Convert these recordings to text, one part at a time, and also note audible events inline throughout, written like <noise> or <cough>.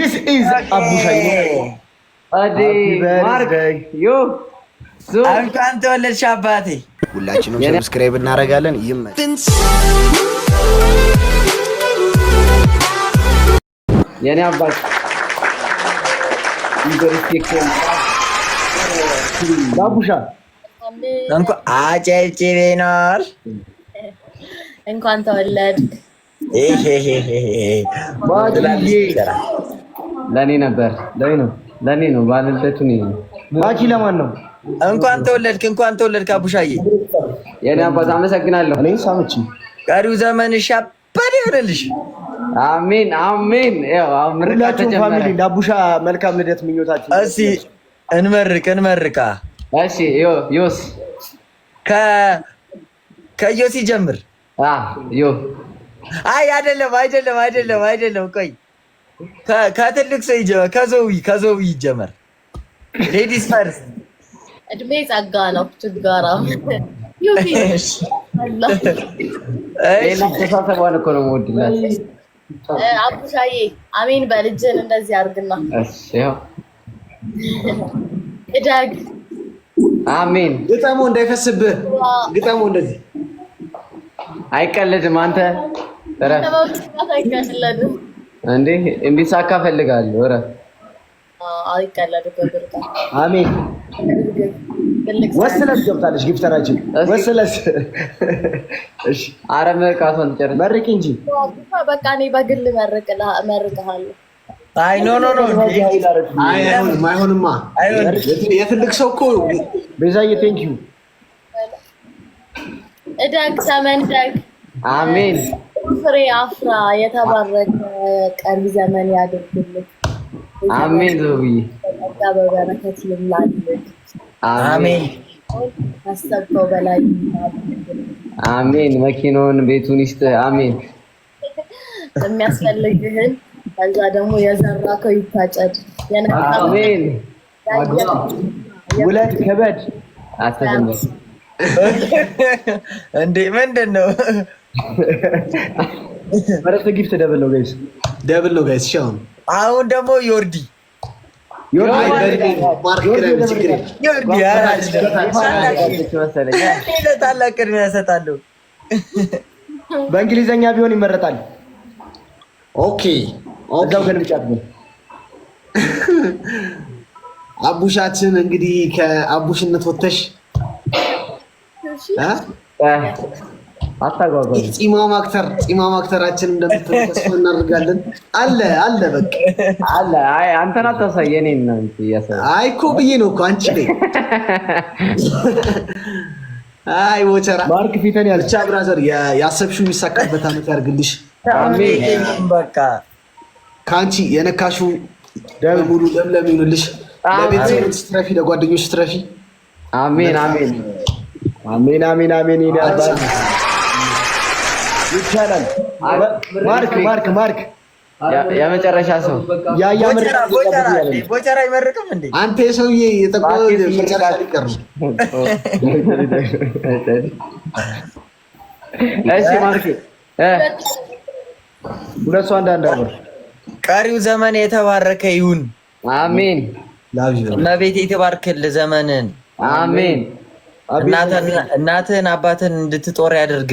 ዲስ ኢዝ አቡሻይ እንኳን ተወለድሽ አባቴ። ሁላችንም ሰብስክራይብ እናደርጋለን። ይመች የኔ አባት ባቡሻ እንኳን አጨብጭቤ ኖር እንኳን ተወለድ ለኔ ነበር ለኔ ነው። ባለልደቱ እኔ ነው። ማኪ ለማን ነው? እንኳን ተወለድክ፣ እንኳን ተወለድክ አቡሻዬ። የኔ አባት አመሰግናለሁ። እኔ ሳምቺ ቀሪው ዘመን ሻባድ ይሆንልሽ። አሜን አሜን። ያው አምርካ ተጀመረ። ለአቡሻ መልካም ልደት ምኞታችን። እሺ እንመርቅ፣ እንመርቃ። እሺ ዮ ዮስ ከ ከዮስ ይጀምር። አዎ ዮ አይ አይደለም፣ አይደለም፣ አይደለም፣ አይደለም ቆይ ከትልቅ ሰው ይጀመር፣ ከዘውዬ ከዘውዬ ይጀመር። ሌዲስ ፈርስ። እድሜ ጸጋ ነው ችጋራ ተሳሰቧን እኮ ነው የምወድላት። አቡሻዬ አሜን በልጅን እንደዚህ አድርግና እደግ። አሜን ግጠሙ እንዳይፈስብህ ግጠሙ። እንደዚህ አይቀልድም አንተ እንዴ እንዲሳካ ፈልጋለሁ። ኧረ አሜን ወስለስ ገብታለች። ግፍተራችን ወስለስ እሺ፣ መርቃቷን ጨርስ። መርቅ እንጂ በቃ እኔ በግል መርቅሃለሁ። አይ ኖ ኖ ኖ፣ አይሆንማ። የትልቅ ሰው እኮ ቤዛዬ፣ ቴንክ ዩ እደግ፣ ሰመን ደግ። አሜን ፍሬ አፍራ የተባረከ ቀን ዘመን ያድርግልህ። አሜን። ዘብይ በበረከት ይምላልህ። አሜን። ካሰብከው በላይ አሜን። መኪናውን ቤቱን ይስጥ። አሜን። የሚያስፈልግህን ከዛ ደግሞ የዘራከው ይታጨድ። አሜን። ውለድ ከበድ አተደምር እንዴ ምንድን ነው? መረጥ ጊፍት ደብል ነው ጋይስ፣ ደብል ነው ጋይስ። ሻውን አሁን ደግሞ ዮርዲ ታላቅ ቅድሚያ እሰጣለሁ። በእንግሊዘኛ ቢሆን ይመረጣል። ኦኬ እዛው ገልብጫት ነው። አቡሻችን እንግዲህ ከአቡሽነት ወተሽ አታጓጓኝ። ፂማም አክተር ፂማም አክተራችን እንደምትሆን እናደርጋለን። አለ አለ በቃ አለ። አይ አንተን አታሳይ፣ እኔን ነው እንጂ አይ እኮ ብዬ ነው እኮ አንቺ ላይ አይ ወቸራ ማርክ ፊተን ያልቻ ብራዘር፣ ያሰብሽው የሚሳካበት አመት ያርግልሽ። አሜን። በቃ ከአንቺ የነካሽው ሙሉ ደም ለሚሆንልሽ ለቤተሰቦች ትረፊ፣ ለጓደኞች ስትረፊ። አሜን አሜን አሜን አሜን አሜን ይላል ይቻላል። ማርክ ማርክ ማርክ የመጨረሻ ሰው አይመርቅም እንዴ? አንተ መጨረሻ ሊቀር እሺ ማርክ አብር ቀሪው ዘመን የተባረከ ይሁን። አሜን። እመቤቴ የተባርክል ዘመንን። አሜን። እናትህን አባትህን እንድትጦር ያድርግ።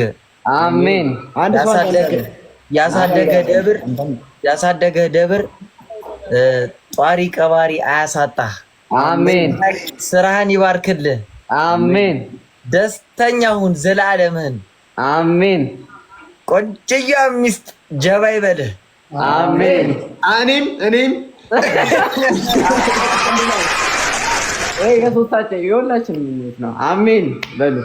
አሜን። አንድ ያሳደገ ደብር ያሳደገ ደብር ጧሪ ቀባሪ አያሳጣ። አሜን። ስራህን ይባርክልህ። አሜን። ደስተኛ ሁን ዘላለምህን። አሜን። ቆንጅያ ሚስት ጀባ ይበልህ። አሜን። እኔም እኔም <laughs> የሶታችን የሁላችን ምኞት ነው። አሜን በሉ።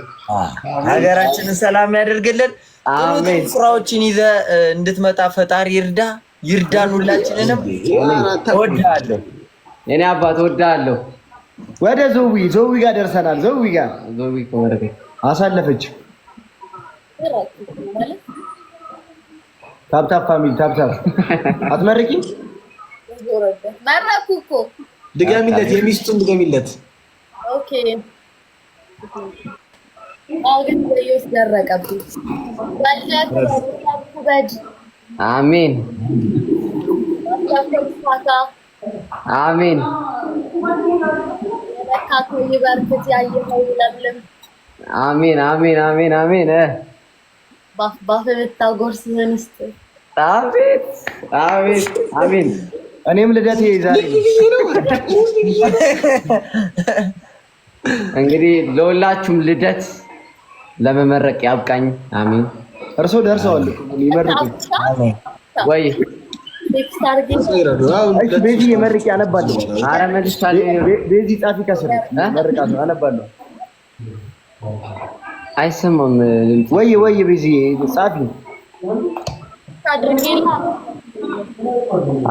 ሀገራችንን ሰላም ያደርግልን። አሜን። ስራዎችን ይዘ እንድትመጣ ፈጣሪ ይርዳ ይርዳን። ሁላችንንም እወድሃለሁ። እኔ አባት እወድሃለሁ። ወደ ዘዊ ዘዊ ጋር ደርሰናል። ዘዊ ጋር ዘዊ ከወረደ አሳለፈች። ታፕታፕ ፋሚሊ ታፕታፕ አትመርቂም? መረኩ እኮ ድገ ሚለት የሚስቱን ድገ ሚለት ኦኬ አልገን ደዮስ ደረቀብኝ በድ አሜን አሜን ለካቶ ይበርክት ያየኸው ይለምልም አሜን አሜን አሜን አሜን ባፈ ብታጎርስህን ስጥ አቤት አቤት አሜን እኔም ልደት ይዛል እንግዲህ ለሁላችሁም ልደት ለመመረቅ ያብቃኝ። አሚን። እርሶ ደርሰዋል። ይመርቁ ወይ ቤዚ የመርቅ ያነባለሁ። ቤዚ ጻፊ ከስር አነባለሁ። አይሰማም ወይ ወይ ቤዚ ጻፊ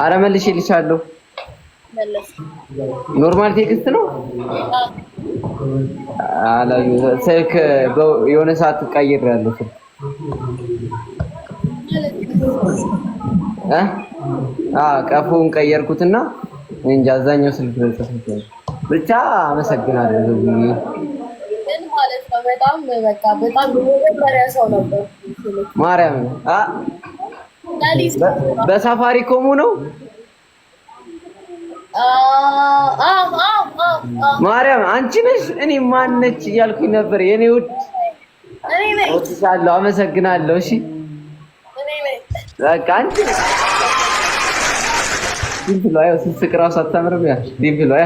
አረ መልሼልሻለሁ። ኖርማል ቴክስት ነው። አላዩ ስልክ የሆነ ሰዓት ቀይር ያለው ስልክ አ ቀፎን ቀየርኩትና እንጂ አብዛኛው ስልክ በጽፈት ብቻ አመሰግናለሁ። ግን ማለት ነው በጣም በቃ በጣም ማርያም በሳፋሪ ኮሙ ነው። ማርያም አንቺ ነሽ? እኔ ማን ነች እያልኩኝ ነበር። የኔ ውድ ወጥቻለሁ። አመሰግናለሁ። እሺ በቃ አንቺ ነሽ። ዲምፕል አያ ስትስቅ እራሱ አታምርም። ያ ዲምፕል አያ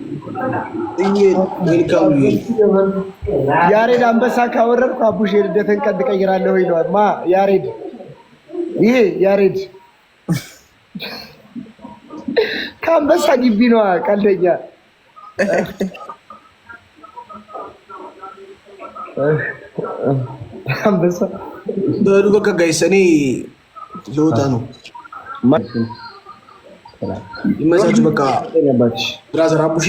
ያሬድ አንበሳ ካወረድኩ አቡሽ የልደትን ቀን ትቀይራለህ ይለዋል። ማ ያሬድ ይሄ ያሬድ ከአንበሳ ግቢ ነዋ። ቀልደኛ አንበሳ። በሉ በቃ ጋይስ፣ እኔ ልወጣ ነው። ይመቻችሁ። በቃ ብራዘር አቡሼ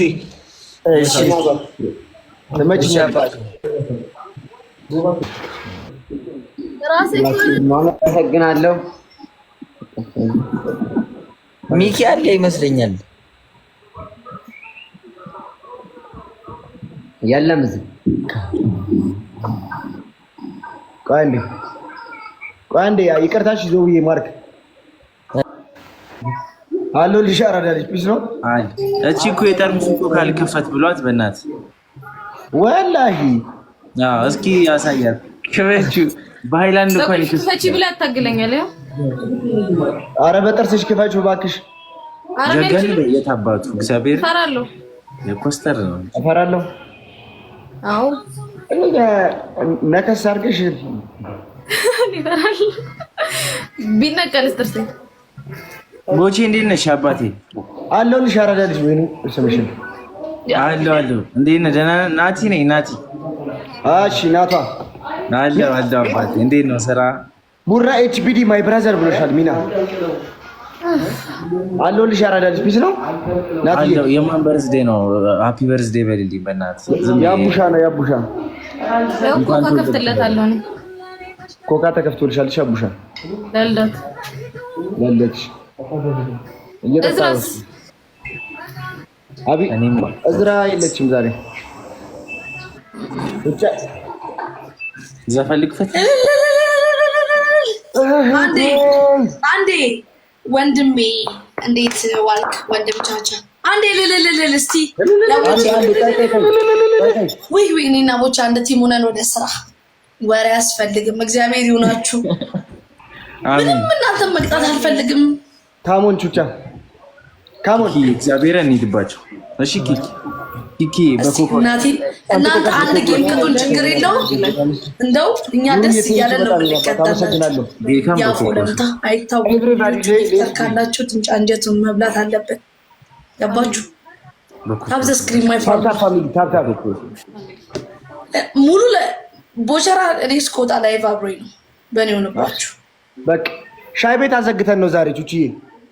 አመሰግናለሁ። ሚኪ አለ ይመስለኛል። የለም እዚህ ቆይ ቆይ ይቅርታሽ፣ ዘውዬ ማርክ አሎ አራዳ ልጅ ፒስ ነው እቺ እኮ የጠርሙስ እኮ ካልከፈት ብሏት፣ በእናት ወላሂ። አዎ እስኪ ያሳያል። ክበቹ በሃይላንድ እኮ ነው። ክፈቺ ብላ ታገለኛል። አረ በጥርስሽ ክፈቺ ባክሽ። ጀገን በየታባቱ እግዚአብሔር ፈራለሁ። የኮስተር ነው ፈራለሁ። አዎ ነከስ አድርገሽ ይፈራል። ቢነቀልስ ጥርስ ጎቼ እንዴት ነሽ አባቴ? አለሁልሽ። አራዳ ልጅ ወይ ስምሽን አለሁ አለሁ። እንዴት ነህ? ደህና ነህ? ናቲ ነኝ። ናቲ እሺ። ናቷ አለሁ አለሁ። አባቴ እንዴት ነው ስራ? ቡራ ኤች ቢ ዲ ማይ ብራዘር ብሎሻል። ሚና አለሁልሽ። አራዳ ልጅ ፒስ ነው። ናቲ የማን በርዝዴ ነው? ሃፒ በርዝዴ በልልኝ በእናትህ። ያቡሻ ነው ያቡሻ። ኮካ ከፍትለታለሁ። ኮካ ተከፍቶልሻል። ሻቡሻ ለልደት ለልደት አቢ እዝራ የለችም ዛሬ ዘፈን ልክፈት። አንዴ ወንድሜ እንዴት ዋልክ? ወንድም ቻቻ አንዴ ልልልልል እስቲ ውይ ውይ፣ እኔና ቦቻ አንድ ቲም ሆነን ወደ ስራ ወሬ አያስፈልግም። እግዚአብሔር ይሁናችሁ። ምንም እናንተን መቅጣት አልፈልግም። ካሞን ቹቻ፣ ካሞን እግዚአብሔር እንሂድባቸው እሺ ኪኪ ኪኪ እናንተ አንድ ጌም ቅጡን ችግር የለውም። እንደው እኛ ደስ እያለ ነው የምንቀጠላችሁ። ያው ትንጫ እንጀቱን መብላት አለብን። ገባችሁ? ታብዘ ስክሪን ማይ ሙሉ ቦቸራ እኔ እስክወጣ ላይቭ አብሮኝ ነው በእኔ ሆንባችሁ። በቃ ሻይ ቤት አዘግተን ነው ዛሬ ቹችዬ